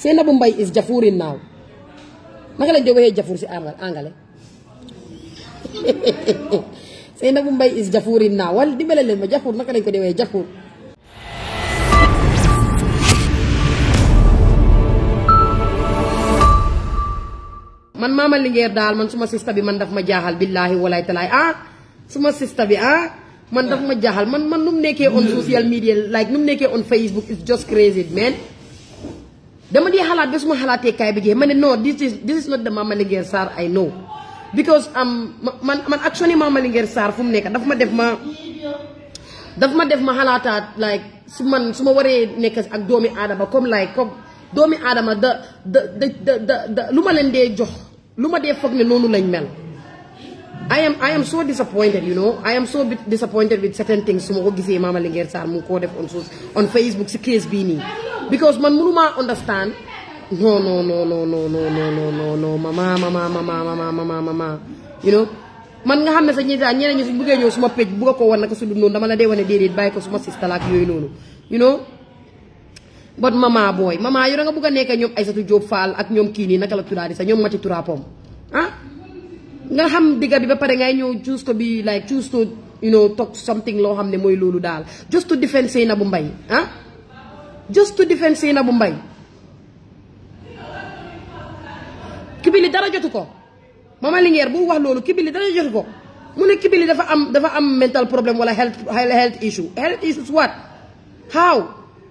Sainabou mbay is Jafurin now naka lañ doon waxee Jafur si angale Sainabou Mbye is Jafurin now wala dimbale leen ma Jafur naka lañ ko dee waxee Jafur. man maama lingeer daal man suma sista bi man daf ma jaaxal billaahi walaay talaay ah suma sista bi ah man daf ma jaaxal man man nu mu nekkee on social media like nu mu nekkee on Facebook it's just crazy man dama dee halat, ba su ma xalaatee kaay bi jeex No, this is this is not the Mama Linguère Sarr I know because um, man man actually Mama Linguère Sarr fu mu nekk daf ma def ma daf ma def ma xalaataat like su man su ma waree nekk ak doomi aadama comme like comme doomi aadama da da da da da lu ma leen dee jox lu ma dee foog ne noonu lañ mel I am I am so disappointed you know I am so disappointed with certain things su ma ko gisee Mama Linguère Sarr mu ko koo def on on Facebook si case bii nii because man munuma understand no no no no no no no no no no mama mama mama mama mama mama you know man nga xamne sa ñi da ñeneñu suñu bëggé ñoo suma pej bu ko won nak su dum non dama la dé wone dédé bay ko suma sister lak yoy nonu you know but mama boy mama yu nga bëgg nekk ñom aissatu job fall ak ñom ki ni nak la tudadi sa ñom mati turapom ah nga xam diga bi ba paré ngay ñew choose ko bi like choose to you know talk something lo xamne moy lolu dal just to defend sey na bu mbay ah just to defend bu mbay kibili dara jotu ko Mama Linguère bu wax loolu kibili dara jotu ko mu ne kibili dafa am dafa am mental problem wala health health issue health issues what how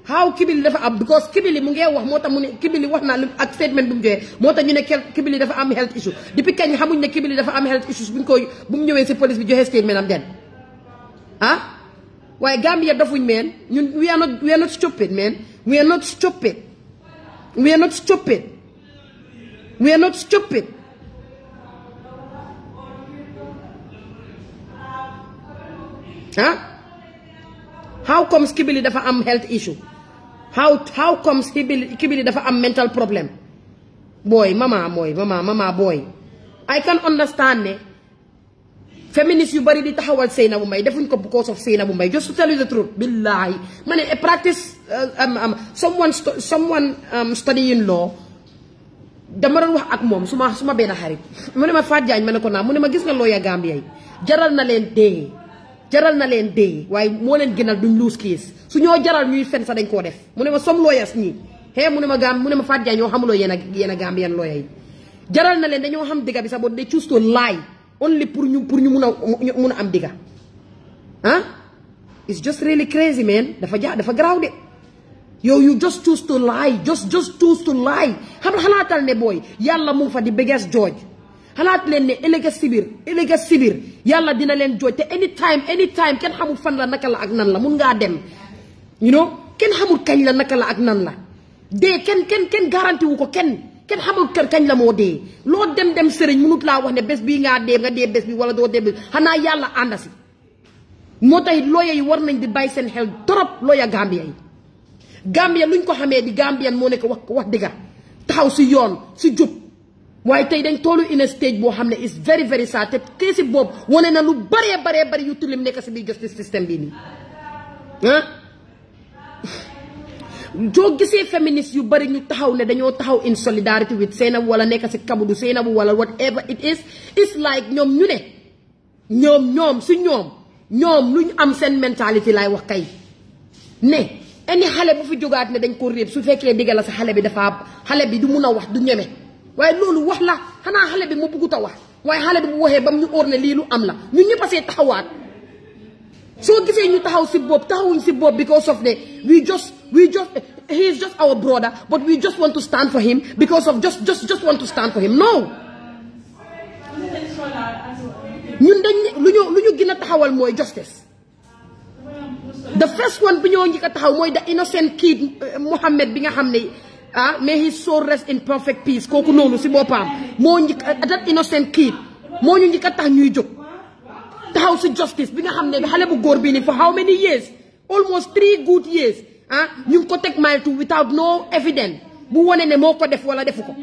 how kibili dafa am because kibili mu ngi wax moo tax mu ne kibili wax naa lu ak statement bu mu joxee moo tax ñu ne kibili dafa am health issue depuis kañ xamuñ ne kibili dafa am health issues bu ñu koy bu mu ñëwee si police bi joxee statement am den waaye Gambia dofuñ meen ñun we are not we are not stupid man. we are not stupid we are not stupid we are not stupid Huh? how comes Kibili dafa am health issue how how comes Kibili Kibili dafa am mental problem boy mama boy, mama mama boy I can understand ne feminist yu bari di taxawal Seynabou May defuñ ko because of Seynabou May just to tell you the truth billahi mané a practice uh, um, um, someone st someone um, studying law dama ron wax ak mom suma suma ben xarit mune ma Fat Diagne mané ko na mune ma gis nga lawyer Gambia yi jaral na len dee jaral na len dee waye mo len gënal duñ lose case suñu jaral ñuy fenn sa dañ ko def mune ma som lawyers ñi xee mune ma gam mune ma Fat Diagne yo xamulo yena a a Gambian lawyer yi jaral na len dañu xam diga bi sa bo de choose to lie only pour ñu pour ñu mun a mun a am digga ah it's just really crazy dafa ja dafa garaaw de yow you just choose to lie just just choose to lie xam nga xalaatal ne booy yàlla mu fa di biggest judge xalaat leen ne ëllëg si biir ëllëg yàlla dina leen judge te anytime anytime kenn xamul fan la naka la ak nan la mun ngaa dem you know kenn xamul kañ la naka la ak nan la de kenn kenn kenn garanti wu ko kenn. kenn xamul kër kañ la moo dee loo dem dem sëriñ mënut laa wax ne bés bi ngaa dee nga dee bés bi wala doo dee bés xanaa yàlla ànd si moo tax looya yi war nañ di bàyyi seen xel trop looya Gambia yi Gambia luñ ko xamee di Gambian moo nekk wax wax dëgga taxaw si yoon si jub waaye tey dañ toolu in stage boo xam ne is very very sad te keesi boobu wane na lu baree bare bari yu tilim nekk si biir justice system bii nii ah soo gisee féministes yu bari ñu taxaw ne dañoo taxaw in solidarity with Sainabou wala nekk si kabudu Sainabou wala whatever it is it's like ñoom ñu ne ñoom ñoom si ñoom ñoom lu ñu am seen mentalité laay wax kay ne indi xale bu fi jógaat ne dañ ko réeb su fekkee digga la si xale bi dafa xale bi du mun a wax du ñeme waaye loolu wax la xanaa xale bi mu buggut a wax waaye xale bi bu waxee bam ñu óor ne lii lu am la ñu ñëpp a see taxawaat soo gisee ñu taxaw si bopp taxawuñ si Bob because of the we just we just he is just our brother but we just want to stand for him because of just just just want to stand for him no. justice. the first one bi ñoo njëkk a taxaw the innocent kid eh, Mohammed bin nga ah may his soul rest in perfect peace Koko no, si boppam moo njëkk that innocent kid moo ñu njëkk a tax ñuy taxaw si justice bi nga xam ne bi xale bu góor bi ni for how many years almost three good years ah ñu ngi ko teg mile two without no evidence bu wone ne moo ko def wala defu ko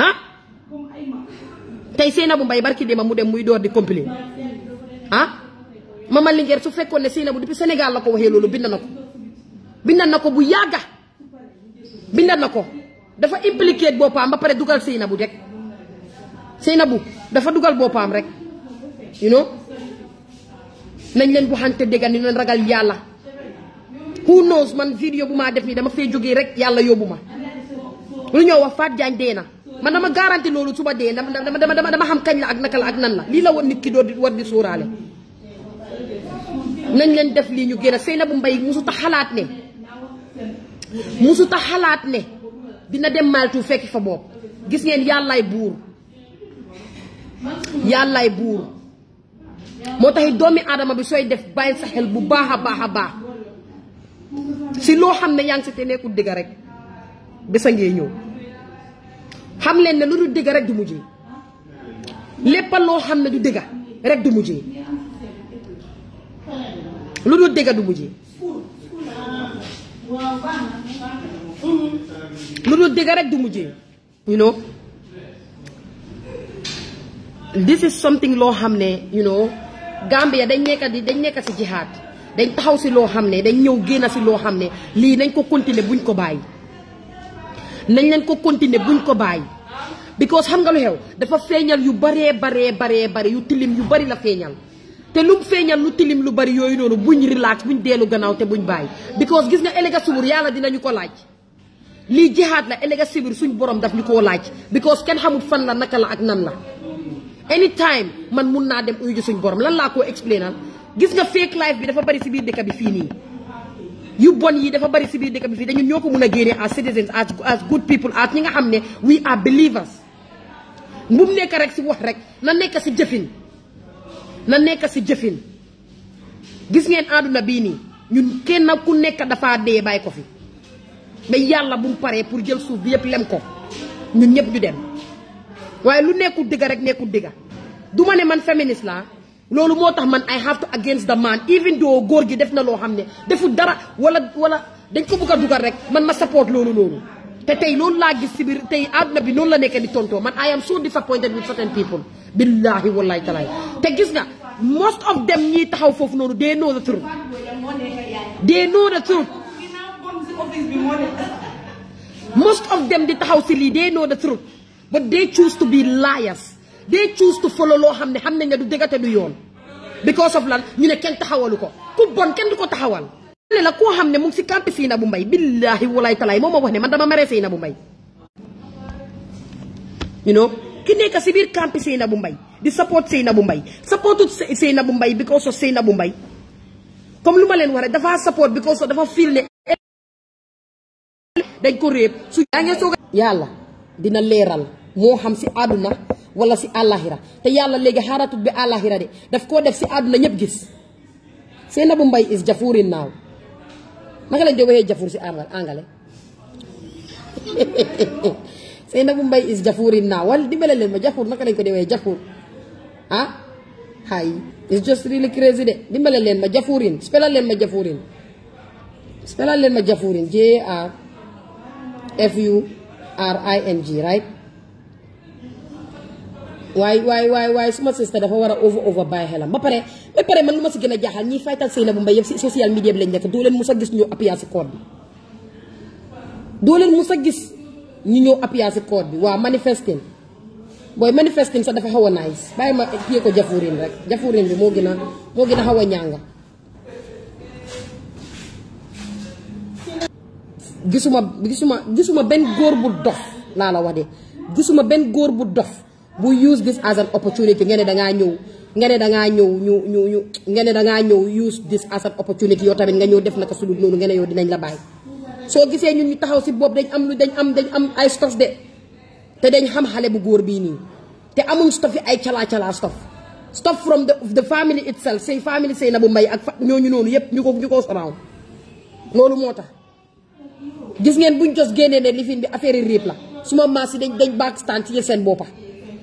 ah tey Sainabou Mbye barki dema mu dem muy door di complain ah Mama Linguère su fekkoon ne bu depuis Sénégal la ko waxee loolu bind na ko bind na ko bu yàgga bind na ko dafa impliqué boppam ba pare dugal Sainabou rek Sainabou dafa dugal boppam rek you know nañ leen waxante dégga ni leen ragal yàlla who noos man vidéo bu maa def nii dama fee jógee rek yàlla yóbbu ma lu ñoo wax Fatou Jagne dee na man dama garanti loolu su ma dee dama dama dama dama xam kañ ak naka la ak nan la lii la woon nit ki doo war di leen def lii ñu génn Sainabou Mbye musuta xalaat ne musuta xalaat ne dina dem Maltu fekk fa bopp gis ngeen yàllaay buur yàllaay buur moo tax it doomi aadama bi sooy def bàyyi sa xel bu baax a baax a baax si loo xam ne yaa ngi si te nekkul digga rek bisa ngee ñëw xam leen ne lu dul digga rek du mujjee lépp loo xam ne du digga rek du mujjee lu dul digga du mujjee lu dul du mujjee you know this is something loo xam ne you know Gambia dañ nekk di dañ nekk si jihaad dañ taxaw si loo xam ne dañ ñëw génn si loo xam ne lii nañ ko continuer buñ ko bàyyi. nañ leen ko continuer buñ ko bàyyi because xam nga lu xew dafa feeñal yu baree baree baree bare yu tilim yu bari la feeñal. te lu feeñal lu tilim lu bari yooyu noonu bu buñ relax buñ dellu gannaaw te buñ bàyyi because gis nga élega subur yàlla dinañu ko laaj. lii jihaad la élega subur suñ borom daf ñu koo laaj because kenn xamul fan la naka la ak nan la. anytime man mun na dem uyu ji suñ borom lan laa koo explainal gis nga fake life bi dafa bari si biir dëkk bi fii nii yu bon yi dafa bari si biir dëkk bi fii dañu ñoo ko mun as citizens as as good people as ñi nga xam we are believers bu mu nekk rek si wax rek na nekk si jëfin na nekk si jëfin gis ngeen àdduna bii nii ñun kenn ku nekk dafa dee bàyyi ko fi ba yàlla bu pare paree pour jël suuf bi yëpp lem ko ñun ñëpp ñu dem waaye lu nekkul dëgg rek nekkul dëgg du ne man féministe la loolu moo man I have to against the man even though góor gi def na loo xam defu dara wala wala dañ ko bëgg a rek man ma support te gis bi la nekk di man I am so disappointed with certain people. billahi wallahi talaay te gis nga most of them ñii taxaw foofu noonu they know the truth. they know the truth. most of them di taxaw si they know the truth. but they choose to be liars they choose to follow loo xam ne xam nañ ne du dëggate du yoon because of lan ñu ne kenn taxawalu ko ku bon kenn du ko taxawal ne la koo xam ne mu si kàrt sii na bu mbay billaahi walaay talaay moom moo wax ne man dama maree sii na bu mbay you know ki nekk si biir camp Sainabou mbay di support Sainabou Mbye supportut Sainabou Mbye because of bu mbay comme lu ma leen wax rek dafa support because of dafa feel ne dañ ko réeb su yaa yàlla dina leral mo xam si aduna wala si alakhirah te yalla legi haratu bi alakhirah de daf ko def si aduna ñep gis bu mbay is Jafurin naw naka lañ Jafur waxee jafuur si angale bu mbay is jafurin naw wal dimbale leen ma jafur naka lañ ko dewe jafur ha ah hay is just really crazy de dimbale leen ma Jafurin. spelal len ma jafurin spelal len ma jafurin J A F U R-I-N-G right waaye waaye waaye waaye suma sister dafa war a over over bàyyi xelam ba pare ba pare man lu ma si gën a jaaxal ñiy faytal sëy na bu mbay yëpp si social media bi lañ nekk doo leen mus a gis ñu appuyé si code bi doo gis ñu ñëw appuyé bi waaw manifesting booy manifesting sax dafa xaw a nice bàyyi ma kii ko jafurin rek jafurin bi moo gën a moo gën a xaw ñànga gisuma gisuma gisuma ben góor bu dof la la wax de gisuma ben góor bu dof bu use this as an opportunity nga ne dangaa ñëw nga ne dangaa ñëw ñu ñu ñu nga da nga ñëw use this as an opportunity yo tamit nga ñëw def naka sulu nonu nga yo dinañ la bay so gisee ñun ñu taxaw ci bop dañ am lu dañ am dañ am ay stuff de te dañ xam xalé bu góor bi ni te amuñ stuff yi ay chala chala stuff stuff from the, the family itself say family say na bu may ak ñooñu noonu yépp ñu ñuko ñu ko surround loolu moo gis ngeen buñ jos génnee ne lifin bi affaire yi réeb la suma maas yi dañ dañ baag stand ci seen boppa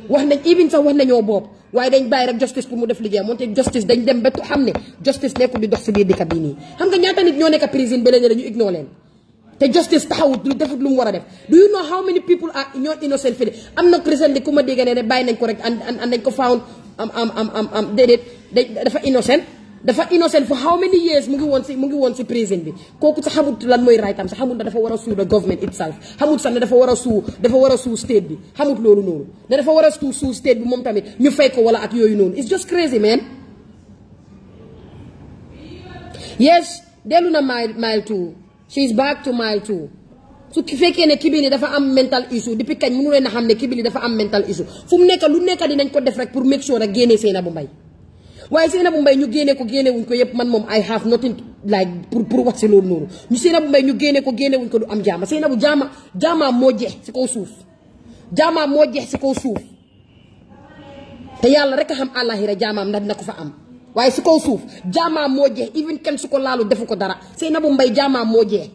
wax nañ even sax wax nañoo bopp waaye dañ bàyyi rek justice pour mu def liggéeyam moonte justice dañ dem ba xam ne justice nekkul di dox si biir dëkk bii nii xam nga ñaata nit ñoo nekk prison ba léegi ñu ignore leen te justice taxawut lu defut lu mu war def do you know how many people are ñoo innocent fii am na recently ku ma dégg ne ne bàyyi nañ ko rek and and nañ ko found am am am am I'm déedéet dafa innocent dafa innocent for how many years mu ngi woon si mu ngi prison bi kooku sax xamut lan mooy right am xamut dafa war a the government itself xamut sax ne dafa war a suu dafa war a suu state bi xamut loolu noonu ne dafa war a suu state bi moom tamit ñu fay ko wala ak yooyu noonu it's just crazy man yes deluna na mile mile two she back to mile two su fekkee ne Kibili dafa am mental issue depuis kañ mënu leen a xam ne Kibili dafa am mental issue fu mu nekk lu nekk dinañ ko def rek pour make sure rek génnee Sainabou Mbye waaye Seynabou mbay ñu génne ko génne ko yëpp man moom I have nothing like pour pour wax si loolu noonu ñu Seynabou Mbaye ñu génne ko génne wuñ ko du am jaama Seynabou jaama jaama moo jeex si kaw suuf jaama moo jeex si kaw suuf te yàlla rek a xam àllaaxira jaamaam ndax dina ko fa am waaye si kaw suuf jaama moo jeex even kenn su ko laalu defu ko dara Seynabou mbay jaama moo jeex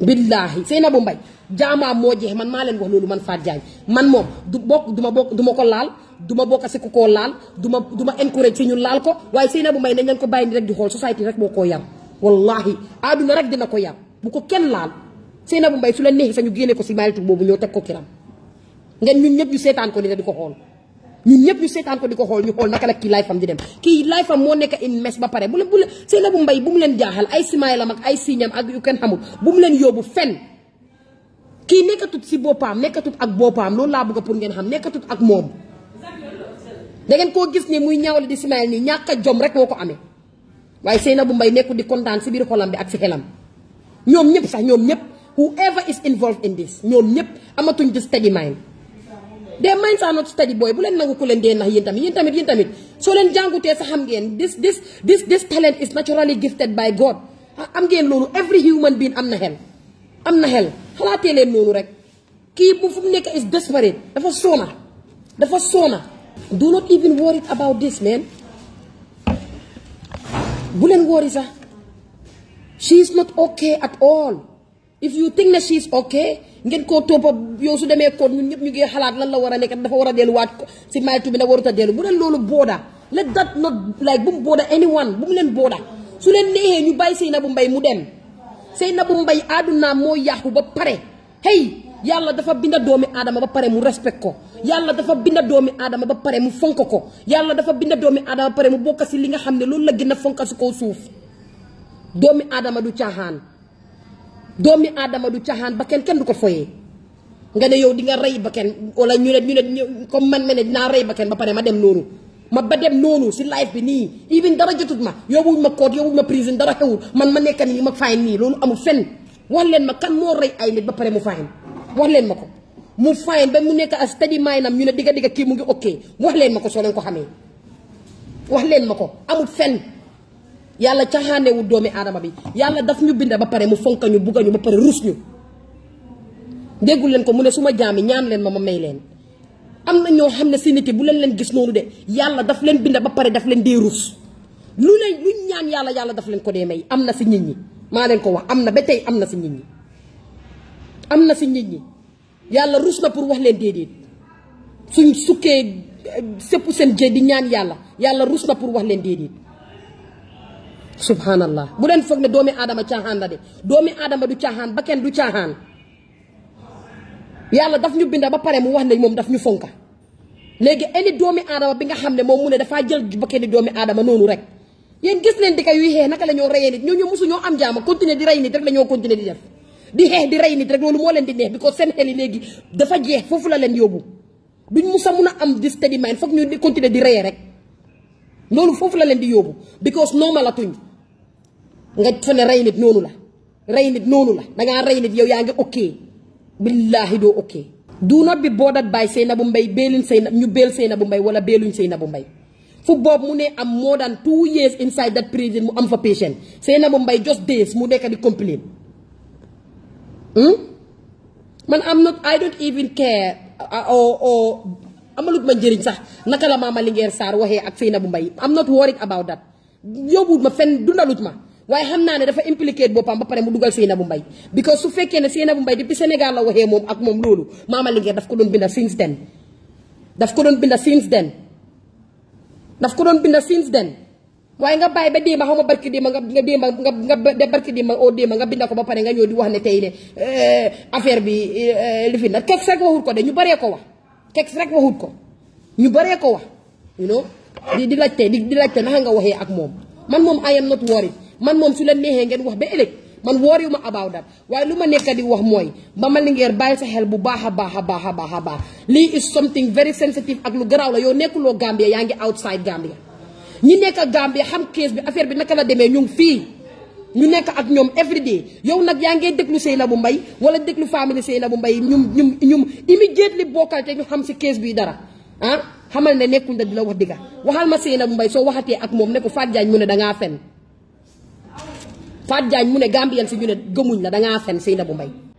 billaahi Seynabou Mbaye jaamaa moo jeex man maa leen wax loolu man Fatou Diagne man moo du bokk du ma bokk du ko laal du ma bokk si ku ko laal du ma du ma encourage si ñun laal ko waaye Sainabou May nañ leen ko bàyyi ni rek di xool société rek moo koo yar wallahi adduna rek dina ko yar bu ko kenn laal Sainabou May su la neexee sax génne ko si maritu boobu ñoo teg ko kiram ngeen ñun ñëpp ñu seetaan ko di ko xool ñun ñëpp ñu seetaan ko di ko xool ñu xool naka la kii life am di dem kii life am moo nekk in mes ba pare bu la bu la Sainabou bu mu leen jaaxal ay simaay lam ak ay siñam ak yu kenn xamul bu mu leen yóbbu fenn kii nekkatut si boppam nekkatut ak boppam loolu laa bëgg pour ngeen xam nekkatut ak moom. da ngeen koo gis ne muy ñaawle di simaayal nii ñàkk jom rek moo ko amee waaye Sainabou Mbye nekkul di kontaan si biir xolam bi ak si xelam ñoom ñëpp sax ñoom ñëpp whoever is involved in this ñoom ñëpp amatuñ di steady mind. des minds are not steady boy bu leen nangu ku leen dee ndax yéen tamit yéen tamit yéen tamit soo leen jàngutee sax xam ngeen this this this this talent is naturally gifted by God ah, am ngeen loolu every human being am na xel am na xalaatee leen noonu rek kii bu fu mu nekk is desperate dafa soona dafa sona. do not even worry about this man bu leen worry sax she is not okay at all if you think that she is okay ngeen koo toppa yow su demee koot ñun ñëpp ñu ngi xalaat lan la war a nekk dafa war a delluwaat si maytu bi na warut a dellu bu leen loolu booda let that not like bu mu booda anyone bu mu leen booda su leen neexee ñu bàyyi sëy na bu mbay mu dem na Seynabou Mbaye àddunaam moo yàqu ba pare hey yàlla dafa binda doomi aadama ba pare mu respect ko yàlla dafa binda doomi aadama ba pare mu fonk ko yàlla dafa binda doomi aadama ba pare mu bokk si li nga xam ne loolu la gën a fonk si kaw suuf doomi aadama du caaxaan doomi aadama du caaxaan ba kenn kenn du ko foyee nga ne yow di nga rey ba kenn wala ñu ne ñu ne comme man ma ne dinaa rey ba kenn ba pare ma dem noonu ma ba dem noonu si live bi nii even dara jotut ma yóbbuwuñ ma koot yóbbuwuñ ma prison dara xewul man ma nekk nii ma fayin nii loolu amul fen wax leen ma kan moo rey ay nit ba pare mu fayin wax leen ma ko mu fayin ba mu nekk a steady mind am ñu ne digga digga kii mu ngi ok wax leen ma ko soo leen ko xamee wax leen ma ko amul fen yàlla caaxaanewul doomi aadama bi yàlla daf ñu binda ba pare mu fonka ñu bugga ñu ba pare rus ñu déggul leen ko mu ne su ma jaami ñaan leen ma ma may leen am na ñoo xam ne seen nit bu leen leen gis noonu de yàlla daf leen bind ba pare daf leen dee rus lu leen lu ñaan yàlla yàlla daf leen ko dee may am na si nit ñi maa leen ko wax am na ba tey am na si nit am na si nit ñi yàlla ruus na pour wax leen déedéet suñ sukkee sëpp seen jë di ñaan yàlla yàlla ruus na pour wax leen déedéet. subhanallah bu leen foog ne doomi aadama caaxaan la de doomi aadama du caaxaan ba kenn du caaxaan. yalla ya, daf ñu binda ba paré mu wax né mom daf ñu fonka légui éni doomi adama bi nga xamné mom mu né dafa jël bakkani doomi adama nonu rek yeen gis leen dikay wi hé naka lañu rayé nit ñoo ñu musu ñoo am jaama continuer di ray nit rek lañu continuer di def di hé di ray nit rek lolu mo leen di neex biko seen xel dafa jeex fofu la leen yóbbu duñ musa mëna am di steady mind fokk ñu di continuer di rayé rek lolu fofu la leen di yóbbu because normal la tuñ nga fa né ray nit nonu la ray nit nonu la nga ray nit yow yaangi okay billahi do oké do not be bothered by Sainabou mbay belin Sainabou ñu beel Sainabou mbay wala beeluñ Sainabou mbay fu bob mu ne am more than two years inside that prison mu am fa patient Sainabou mbay just days mu nekk di complain hmm? man am not I don't even care uh, or oh amalut ma jeriñ sax naka la Mama Linguère sar waxe ak mbay am not worried about that yóbbuwut ma fen dundalut ma waye xamna ne dafa impliquer bopam ba pare mu seyna Sainabou Mbye because su fekke ne Sainabou Mbye depuis Sénégal la waxe mom ak mom lolu Mama Linguère daf ko don binda since then daf ko don binda since then daf ko don binda since then waye nga bàyyi ba di ma ma barki ma nga ma nga nga de barki o di ma nga binda ko ba pare nga ñëw di wax ne ne eh, affaire bi eh, li fi na keks rek waxul ko de ñu bare ko wax keks rek waxul ko ñu bare ko wax you know di di laajte di di laajte na nga waxe ak mom man mom I am not worried man moom su la neexee ngeen wax ba ëllëg man wooriw ma abaaw dat waaye lu ma nekk di wax mooy Bamba Linguère bàyyi sa xel bu baax a baax a baax a baax a baax lii is something very sensitive ak lu garaaw la yow nekkuloo Gambia yaa ngi outside Gambia ñi nekk ak Gambia xam kees bi affaire bi naka la demee ñu fii ñu nekk ak ñoom everyday yow nag yaa ngee déglu Sainabou Mbye wala déglu famille Sainabou Mbye ñum ñum ñum immediately bokkal te ñu xam si kees bi dara ah xamal ne nekkul da di la wax digga waxal ma Sainabou Mbye soo waxatee ak moom ne ko Fatou mu ne dangaa fen Fatou Diagne mu ne Gambien si ñu ne gëmuñ la dangaa fen bu Mbay